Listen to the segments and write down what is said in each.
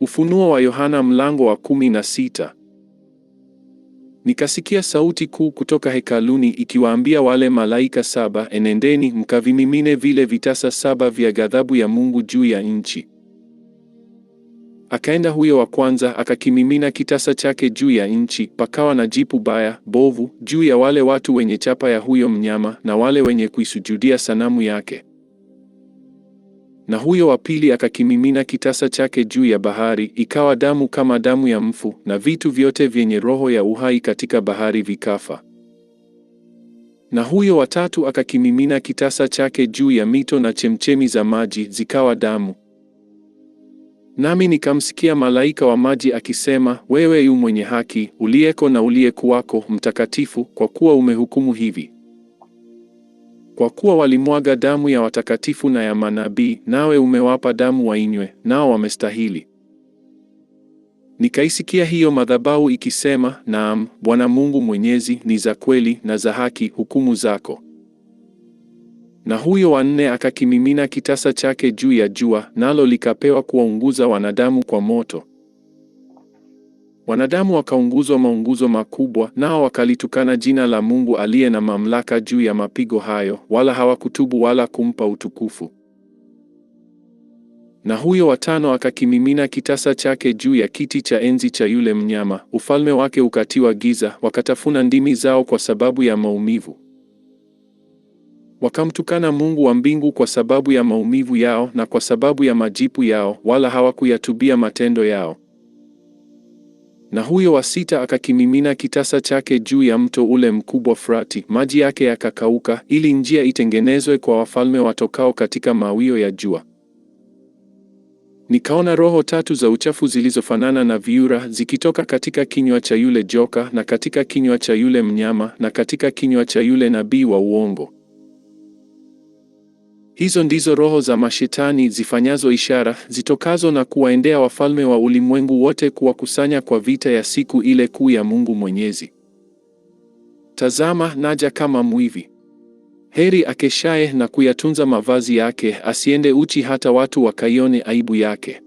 Ufunuo wa Yohana mlango wa kumi na sita. Nikasikia sauti kuu kutoka hekaluni ikiwaambia wale malaika saba, enendeni mkavimimine vile vitasa saba vya ghadhabu ya Mungu juu ya nchi. Akaenda huyo wa kwanza akakimimina kitasa chake juu ya nchi, pakawa na jipu baya bovu juu ya wale watu wenye chapa ya huyo mnyama na wale wenye kuisujudia sanamu yake. Na huyo wa pili akakimimina kitasa chake juu ya bahari, ikawa damu kama damu ya mfu, na vitu vyote vyenye roho ya uhai katika bahari vikafa. Na huyo wa tatu akakimimina kitasa chake juu ya mito na chemchemi za maji, zikawa damu. Nami nikamsikia malaika wa maji akisema, Wewe yu mwenye haki, uliyeko na uliyekuwako, Mtakatifu, kwa kuwa umehukumu hivi. Kwa kuwa walimwaga damu ya watakatifu na ya manabii, nawe umewapa damu wainywe, nao wamestahili. Nikaisikia hiyo madhabahu ikisema, naam, Bwana Mungu Mwenyezi, ni za kweli na za haki hukumu zako. Na huyo wanne akakimimina kitasa chake juu ya jua, nalo likapewa kuwaunguza wanadamu kwa moto. Wanadamu wakaunguzwa maunguzo makubwa, nao wakalitukana jina la Mungu aliye na mamlaka juu ya mapigo hayo, wala hawakutubu wala kumpa utukufu. Na huyo watano akakimimina kitasa chake juu ya kiti cha enzi cha yule mnyama, ufalme wake ukatiwa giza, wakatafuna ndimi zao kwa sababu ya maumivu. Wakamtukana Mungu wa mbingu kwa sababu ya maumivu yao na kwa sababu ya majipu yao, wala hawakuyatubia matendo yao na huyo wa sita akakimimina kitasa chake juu ya mto ule mkubwa Frati, maji yake yakakauka, ili njia itengenezwe kwa wafalme watokao katika mawio ya jua. Nikaona roho tatu za uchafu zilizofanana na viura zikitoka katika kinywa cha yule joka na katika kinywa cha yule mnyama na katika kinywa cha yule nabii wa uongo. Hizo ndizo roho za mashetani zifanyazo ishara, zitokazo na kuwaendea wafalme wa ulimwengu wote kuwakusanya kwa vita ya siku ile kuu ya Mungu Mwenyezi. Tazama, naja kama mwivi. Heri akeshaye na kuyatunza mavazi yake, asiende uchi hata watu wakaione aibu yake.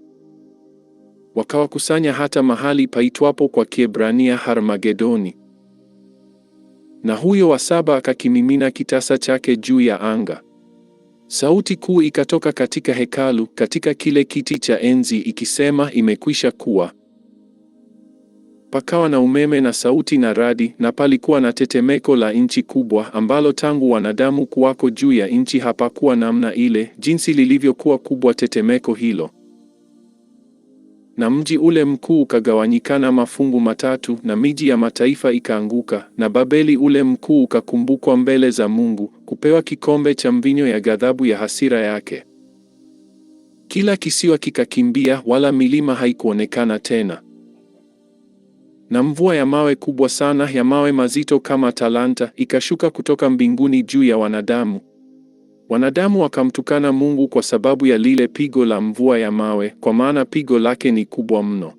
Wakawakusanya hata mahali paitwapo kwa Kiebrania Harmagedoni. Na huyo wa saba akakimimina kitasa chake juu ya anga. Sauti kuu ikatoka katika hekalu, katika kile kiti cha enzi ikisema, imekwisha kuwa. Pakawa na umeme na sauti na radi, na palikuwa na tetemeko la nchi kubwa, ambalo tangu wanadamu kuwako juu ya nchi hapakuwa namna ile, jinsi lilivyokuwa kubwa tetemeko hilo na mji ule mkuu ukagawanyikana mafungu matatu, na miji ya mataifa ikaanguka, na Babeli ule mkuu ukakumbukwa mbele za Mungu, kupewa kikombe cha mvinyo ya ghadhabu ya hasira yake. Kila kisiwa kikakimbia, wala milima haikuonekana tena. Na mvua ya mawe kubwa sana, ya mawe mazito kama talanta, ikashuka kutoka mbinguni juu ya wanadamu. Wanadamu wakamtukana Mungu kwa sababu ya lile pigo la mvua ya mawe, kwa maana pigo lake ni kubwa mno.